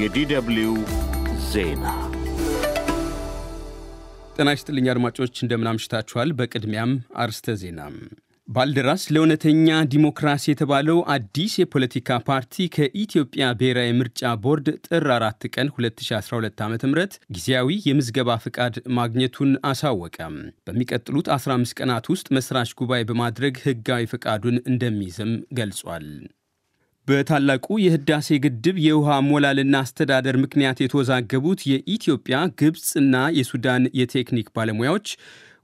የዲደብልዩ ዜና ጤና ይስጥልኝ አድማጮች፣ እንደምናምሽታችኋል። በቅድሚያም አርስተ ዜና። ባልደራስ ለእውነተኛ ዲሞክራሲ የተባለው አዲስ የፖለቲካ ፓርቲ ከኢትዮጵያ ብሔራዊ ምርጫ ቦርድ ጥር 4 ቀን 2012 ዓ ም ጊዜያዊ የምዝገባ ፍቃድ ማግኘቱን አሳወቀ። በሚቀጥሉት 15 ቀናት ውስጥ መስራች ጉባኤ በማድረግ ህጋዊ ፍቃዱን እንደሚይዝም ገልጿል። በታላቁ የህዳሴ ግድብ የውሃ ሞላልና አስተዳደር ምክንያት የተወዛገቡት የኢትዮጵያ ግብፅና የሱዳን የቴክኒክ ባለሙያዎች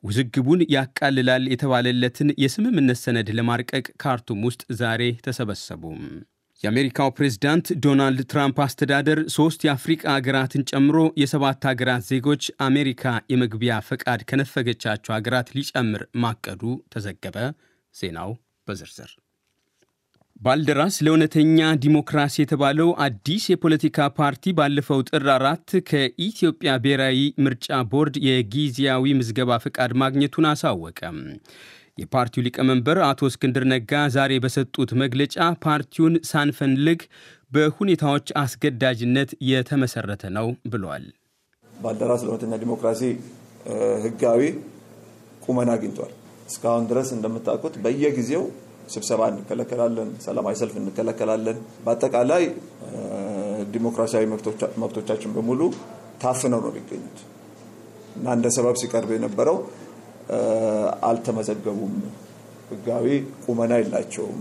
ውዝግቡን ያቃልላል የተባለለትን የስምምነት ሰነድ ለማርቀቅ ካርቱም ውስጥ ዛሬ ተሰበሰቡ። የአሜሪካው ፕሬዝዳንት ዶናልድ ትራምፕ አስተዳደር ሦስት የአፍሪቃ አገራትን ጨምሮ የሰባት አገራት ዜጎች አሜሪካ የመግቢያ ፈቃድ ከነፈገቻቸው አገራት ሊጨምር ማቀዱ ተዘገበ። ዜናው በዝርዝር ባልደራስ ለእውነተኛ ዲሞክራሲ የተባለው አዲስ የፖለቲካ ፓርቲ ባለፈው ጥር አራት ከኢትዮጵያ ብሔራዊ ምርጫ ቦርድ የጊዜያዊ ምዝገባ ፈቃድ ማግኘቱን አሳወቀ። የፓርቲው ሊቀመንበር አቶ እስክንድር ነጋ ዛሬ በሰጡት መግለጫ ፓርቲውን ሳንፈልግ በሁኔታዎች አስገዳጅነት የተመሰረተ ነው ብሏል። ባልደራስ ለእውነተኛ ዲሞክራሲ ህጋዊ ቁመና አግኝቷል። እስካሁን ድረስ እንደምታውቁት በየጊዜው ስብሰባ እንከለከላለን፣ ሰላማዊ ሰልፍ እንከለከላለን። በአጠቃላይ ዲሞክራሲያዊ መብቶቻችን በሙሉ ታፍነው ነው የሚገኙት እና እንደ ሰበብ ሲቀርብ የነበረው አልተመዘገቡም፣ ህጋዊ ቁመና የላቸውም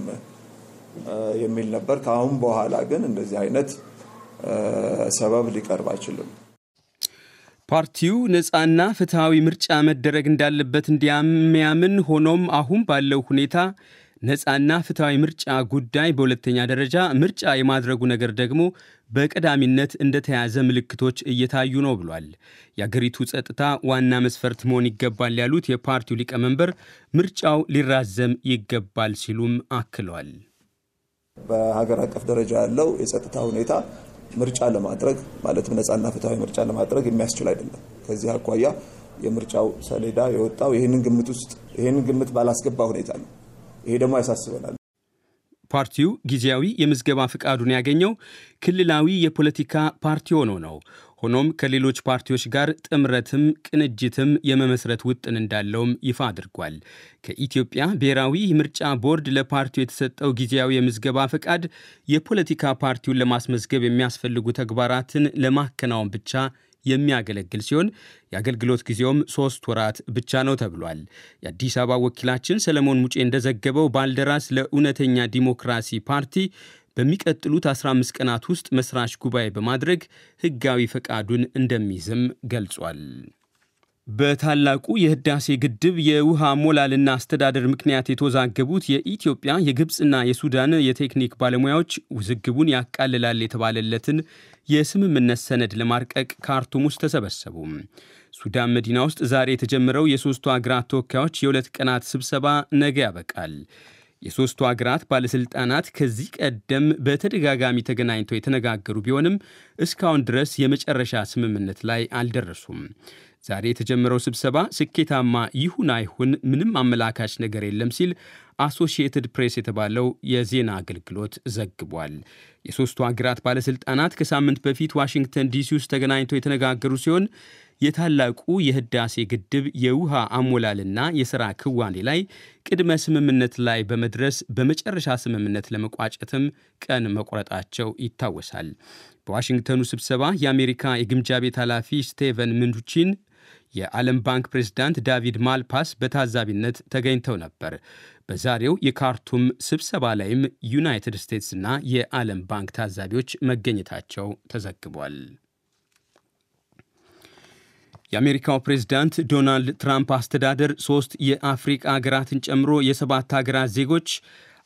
የሚል ነበር። ከአሁን በኋላ ግን እንደዚህ አይነት ሰበብ ሊቀርብ አይችልም። ፓርቲው ነፃና ፍትሐዊ ምርጫ መደረግ እንዳለበት እንዲያሚያምን ሆኖም አሁን ባለው ሁኔታ ነፃና ፍትሐዊ ምርጫ ጉዳይ በሁለተኛ ደረጃ፣ ምርጫ የማድረጉ ነገር ደግሞ በቀዳሚነት እንደተያዘ ምልክቶች እየታዩ ነው ብሏል። የአገሪቱ ጸጥታ ዋና መስፈርት መሆን ይገባል ያሉት የፓርቲው ሊቀመንበር ምርጫው ሊራዘም ይገባል ሲሉም አክለዋል። በሀገር አቀፍ ደረጃ ያለው የጸጥታ ሁኔታ ምርጫ ለማድረግ ማለትም ነፃና ፍትሐዊ ምርጫ ለማድረግ የሚያስችል አይደለም። ከዚህ አኳያ የምርጫው ሰሌዳ የወጣው ይህንን ግምት ውስጥ ይህንን ግምት ባላስገባ ሁኔታ ነው። ይሄ ደግሞ ያሳስበናል። ፓርቲው ጊዜያዊ የምዝገባ ፍቃዱን ያገኘው ክልላዊ የፖለቲካ ፓርቲ ሆኖ ነው። ሆኖም ከሌሎች ፓርቲዎች ጋር ጥምረትም ቅንጅትም የመመስረት ውጥን እንዳለውም ይፋ አድርጓል። ከኢትዮጵያ ብሔራዊ ምርጫ ቦርድ ለፓርቲው የተሰጠው ጊዜያዊ የምዝገባ ፈቃድ የፖለቲካ ፓርቲውን ለማስመዝገብ የሚያስፈልጉ ተግባራትን ለማከናወን ብቻ የሚያገለግል ሲሆን የአገልግሎት ጊዜውም ሶስት ወራት ብቻ ነው ተብሏል። የአዲስ አበባ ወኪላችን ሰለሞን ሙጬ እንደዘገበው ባልደራስ ለእውነተኛ ዲሞክራሲ ፓርቲ በሚቀጥሉት 15 ቀናት ውስጥ መስራች ጉባኤ በማድረግ ሕጋዊ ፈቃዱን እንደሚይዝም ገልጿል። በታላቁ የህዳሴ ግድብ የውሃ ሞላልና አስተዳደር ምክንያት የተወዛገቡት የኢትዮጵያ የግብፅና የሱዳን የቴክኒክ ባለሙያዎች ውዝግቡን ያቃልላል የተባለለትን የስምምነት ሰነድ ለማርቀቅ ካርቱም ውስጥ ተሰበሰቡ። ሱዳን መዲና ውስጥ ዛሬ የተጀመረው የሦስቱ አገራት ተወካዮች የሁለት ቀናት ስብሰባ ነገ ያበቃል። የሦስቱ አገራት ባለሥልጣናት ከዚህ ቀደም በተደጋጋሚ ተገናኝተው የተነጋገሩ ቢሆንም እስካሁን ድረስ የመጨረሻ ስምምነት ላይ አልደረሱም። ዛሬ የተጀመረው ስብሰባ ስኬታማ ይሁን አይሁን ምንም አመላካች ነገር የለም ሲል አሶሺየትድ ፕሬስ የተባለው የዜና አገልግሎት ዘግቧል። የሦስቱ አገራት ባለሥልጣናት ከሳምንት በፊት ዋሽንግተን ዲሲ ውስጥ ተገናኝተው የተነጋገሩ ሲሆን የታላቁ የህዳሴ ግድብ የውሃ አሞላልና የሥራ ክዋኔ ላይ ቅድመ ስምምነት ላይ በመድረስ በመጨረሻ ስምምነት ለመቋጨትም ቀን መቁረጣቸው ይታወሳል። በዋሽንግተኑ ስብሰባ የአሜሪካ የግምጃ ቤት ኃላፊ ስቴቨን ምንዱቺን የዓለም ባንክ ፕሬዝዳንት ዳቪድ ማልፓስ በታዛቢነት ተገኝተው ነበር። በዛሬው የካርቱም ስብሰባ ላይም ዩናይትድ ስቴትስና የዓለም ባንክ ታዛቢዎች መገኘታቸው ተዘግቧል። የአሜሪካው ፕሬዝዳንት ዶናልድ ትራምፕ አስተዳደር ሦስት የአፍሪቃ አገራትን ጨምሮ የሰባት አገራት ዜጎች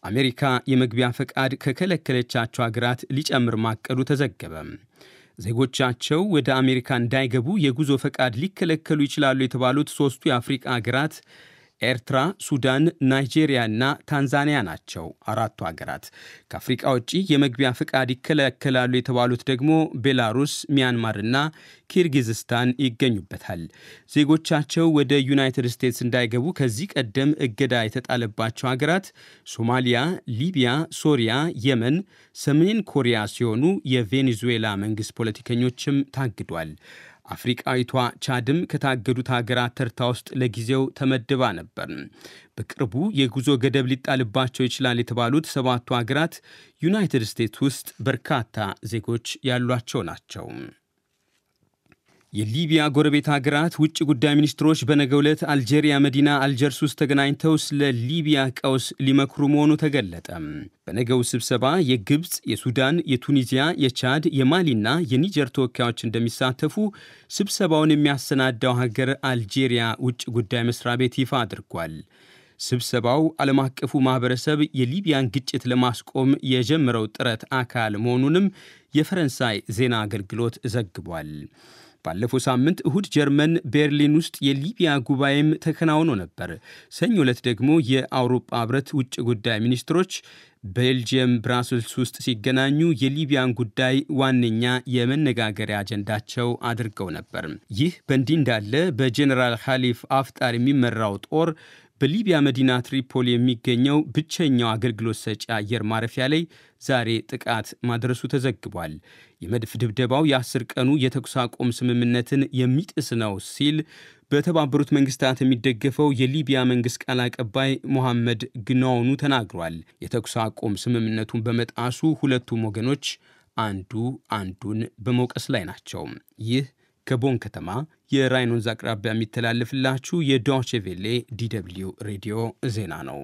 አሜሪካ የመግቢያ ፈቃድ ከከለከለቻቸው አገራት ሊጨምር ማቀዱ ተዘገበ። ዜጎቻቸው ወደ አሜሪካ እንዳይገቡ የጉዞ ፈቃድ ሊከለከሉ ይችላሉ የተባሉት ሶስቱ የአፍሪቃ አገራት ኤርትራ፣ ሱዳን፣ እና ታንዛኒያ ናቸው አራቱ አገራት። ከአፍሪቃ ውጪ የመግቢያ ፍቃድ ይከለከላሉ የተባሉት ደግሞ ቤላሩስ፣ ሚያንማር እና ኪርጊዝስታን ይገኙበታል። ዜጎቻቸው ወደ ዩናይትድ ስቴትስ እንዳይገቡ ከዚህ ቀደም እገዳ የተጣለባቸው አገራት ሶማሊያ፣ ሊቢያ፣ ሶሪያ፣ የመን፣ ሰሜን ኮሪያ ሲሆኑ የቬኔዙዌላ መንግስት ፖለቲከኞችም ታግዷል። አፍሪቃዊቷ ቻድም ከታገዱት ሀገራት ተርታ ውስጥ ለጊዜው ተመድባ ነበር። በቅርቡ የጉዞ ገደብ ሊጣልባቸው ይችላል የተባሉት ሰባቱ ሀገራት ዩናይትድ ስቴትስ ውስጥ በርካታ ዜጎች ያሏቸው ናቸው። የሊቢያ ጎረቤት ሀገራት ውጭ ጉዳይ ሚኒስትሮች በነገው ዕለት አልጄሪያ መዲና አልጀርስ ውስጥ ተገናኝተው ስለ ሊቢያ ቀውስ ሊመክሩ መሆኑ ተገለጠ። በነገው ስብሰባ የግብፅ፣ የሱዳን፣ የቱኒዚያ፣ የቻድ፣ የማሊና የኒጀር ተወካዮች እንደሚሳተፉ ስብሰባውን የሚያሰናዳው ሀገር አልጄሪያ ውጭ ጉዳይ መስሪያ ቤት ይፋ አድርጓል። ስብሰባው ዓለም አቀፉ ማህበረሰብ የሊቢያን ግጭት ለማስቆም የጀመረው ጥረት አካል መሆኑንም የፈረንሳይ ዜና አገልግሎት ዘግቧል። ባለፈው ሳምንት እሁድ ጀርመን ቤርሊን ውስጥ የሊቢያ ጉባኤም ተከናውኖ ነበር። ሰኞ ዕለት ደግሞ የአውሮፓ ህብረት ውጭ ጉዳይ ሚኒስትሮች ቤልጅየም ብራስልስ ውስጥ ሲገናኙ የሊቢያን ጉዳይ ዋነኛ የመነጋገሪያ አጀንዳቸው አድርገው ነበር። ይህ በእንዲህ እንዳለ በጀኔራል ኻሊፍ አፍጣር የሚመራው ጦር በሊቢያ መዲና ትሪፖሊ የሚገኘው ብቸኛው አገልግሎት ሰጪ አየር ማረፊያ ላይ ዛሬ ጥቃት ማድረሱ ተዘግቧል። የመድፍ ድብደባው የአስር ቀኑ የተኩስ አቁም ስምምነትን የሚጥስ ነው ሲል በተባበሩት መንግስታት የሚደገፈው የሊቢያ መንግስት ቃል አቀባይ ሞሐመድ ግናውኑ ተናግሯል። የተኩስ አቁም ስምምነቱን በመጣሱ ሁለቱም ወገኖች አንዱ አንዱን በመውቀስ ላይ ናቸው። ይህ ከቦን ከተማ የራይን ወንዝ አቅራቢያ የሚተላለፍላችሁ የዶቼ ቬሌ ዲደብልዩ ሬዲዮ ዜና ነው።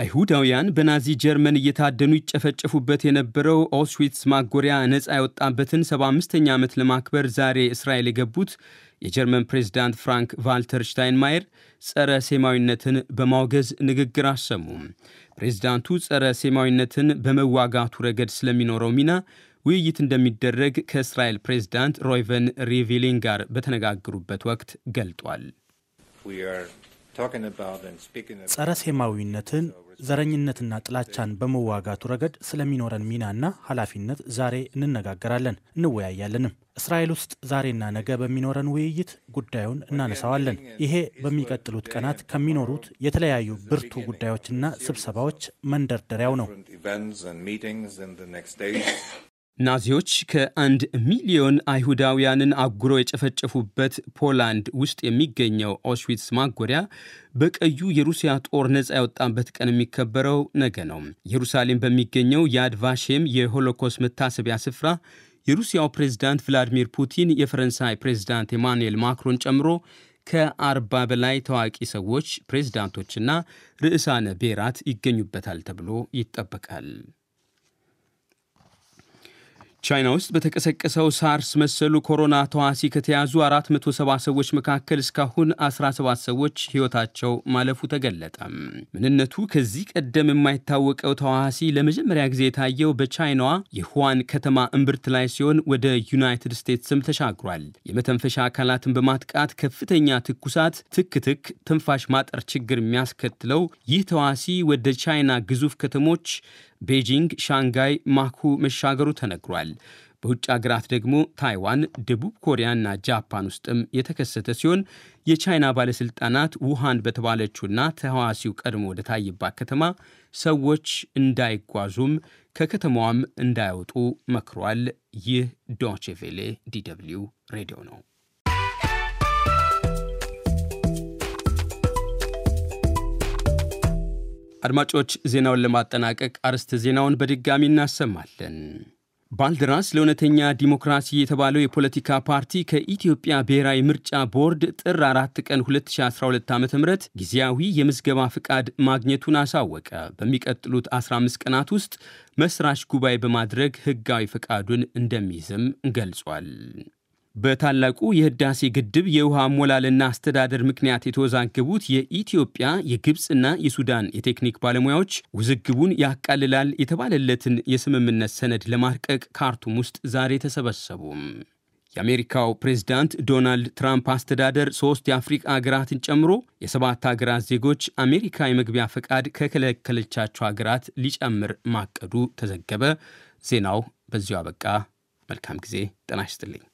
አይሁዳውያን በናዚ ጀርመን እየታደኑ ይጨፈጨፉበት የነበረው ኦስዊትስ ማጎሪያ ነፃ ያወጣበትን 75ኛ ዓመት ለማክበር ዛሬ እስራኤል የገቡት የጀርመን ፕሬዚዳንት ፍራንክ ቫልተር ሽታይንማየር ጸረ ሴማዊነትን በማውገዝ ንግግር አሰሙ። ፕሬዚዳንቱ ጸረ ሴማዊነትን በመዋጋቱ ረገድ ስለሚኖረው ሚና ውይይት እንደሚደረግ ከእስራኤል ፕሬዝዳንት ሮይቨን ሪቪሊን ጋር በተነጋገሩበት ወቅት ገልጧል። ጸረ ሴማዊነትን፣ ዘረኝነትና ጥላቻን በመዋጋቱ ረገድ ስለሚኖረን ሚናና ኃላፊነት ዛሬ እንነጋገራለን እንወያያለንም። እስራኤል ውስጥ ዛሬና ነገ በሚኖረን ውይይት ጉዳዩን እናነሳዋለን። ይሄ በሚቀጥሉት ቀናት ከሚኖሩት የተለያዩ ብርቱ ጉዳዮችና ስብሰባዎች መንደርደሪያው ነው። ናዚዎች ከአንድ ሚሊዮን አይሁዳውያንን አጉሮ የጨፈጨፉበት ፖላንድ ውስጥ የሚገኘው ኦሽዊትስ ማጎሪያ በቀዩ የሩሲያ ጦር ነፃ ያወጣበት ቀን የሚከበረው ነገ ነው። ኢየሩሳሌም በሚገኘው የአድቫሼም ቫሼም የሆሎኮስት መታሰቢያ ስፍራ የሩሲያው ፕሬዝዳንት ቭላዲሚር ፑቲን የፈረንሳይ ፕሬዝዳንት ኤማኑኤል ማክሮን ጨምሮ ከአርባ በላይ ታዋቂ ሰዎች፣ ፕሬዝዳንቶችና ርዕሳነ ብሔራት ይገኙበታል ተብሎ ይጠበቃል። ቻይና ውስጥ በተቀሰቀሰው ሳርስ መሰሉ ኮሮና ተዋሲ ከተያዙ 470 ሰዎች መካከል እስካሁን 17 ሰዎች ሕይወታቸው ማለፉ ተገለጠ። ምንነቱ ከዚህ ቀደም የማይታወቀው ተዋሲ ለመጀመሪያ ጊዜ የታየው በቻይናዋ የሁዋን ከተማ እምብርት ላይ ሲሆን ወደ ዩናይትድ ስቴትስም ተሻግሯል። የመተንፈሻ አካላትን በማጥቃት ከፍተኛ ትኩሳት፣ ትክትክ፣ ትንፋሽ ማጠር ችግር የሚያስከትለው ይህ ተዋሲ ወደ ቻይና ግዙፍ ከተሞች ቤጂንግ ሻንጋይ ማኩ መሻገሩ ተነግሯል። በውጭ አገራት ደግሞ ታይዋን፣ ደቡብ ኮሪያና ጃፓን ውስጥም የተከሰተ ሲሆን የቻይና ባለሥልጣናት ውሃን በተባለችውና ተህዋሲው ቀድሞ ወደ ከተማ ሰዎች እንዳይጓዙም ከከተማዋም እንዳይወጡ መክሯል። ይህ ዶቼ ቬሌ ሬዲዮ ነው። አድማጮች፣ ዜናውን ለማጠናቀቅ አርዕስተ ዜናውን በድጋሚ እናሰማለን። ባልደራስ ለእውነተኛ ዲሞክራሲ የተባለው የፖለቲካ ፓርቲ ከኢትዮጵያ ብሔራዊ ምርጫ ቦርድ ጥር 4 ቀን 2012 ዓ ም ጊዜያዊ የምዝገባ ፍቃድ ማግኘቱን አሳወቀ። በሚቀጥሉት 15 ቀናት ውስጥ መስራች ጉባኤ በማድረግ ሕጋዊ ፍቃዱን እንደሚይዝም ገልጿል። በታላቁ የህዳሴ ግድብ የውሃ ሞላልና አስተዳደር ምክንያት የተወዛገቡት የኢትዮጵያ የግብፅና የሱዳን የቴክኒክ ባለሙያዎች ውዝግቡን ያቃልላል የተባለለትን የስምምነት ሰነድ ለማርቀቅ ካርቱም ውስጥ ዛሬ ተሰበሰቡም። የአሜሪካው ፕሬዝዳንት ዶናልድ ትራምፕ አስተዳደር ሶስት የአፍሪቃ ሀገራትን ጨምሮ የሰባት ሀገራት ዜጎች አሜሪካ የመግቢያ ፈቃድ ከከለከለቻቸው ሀገራት ሊጨምር ማቀዱ ተዘገበ። ዜናው በዚሁ አበቃ። መልካም ጊዜ። ጤና ይስጥልኝ።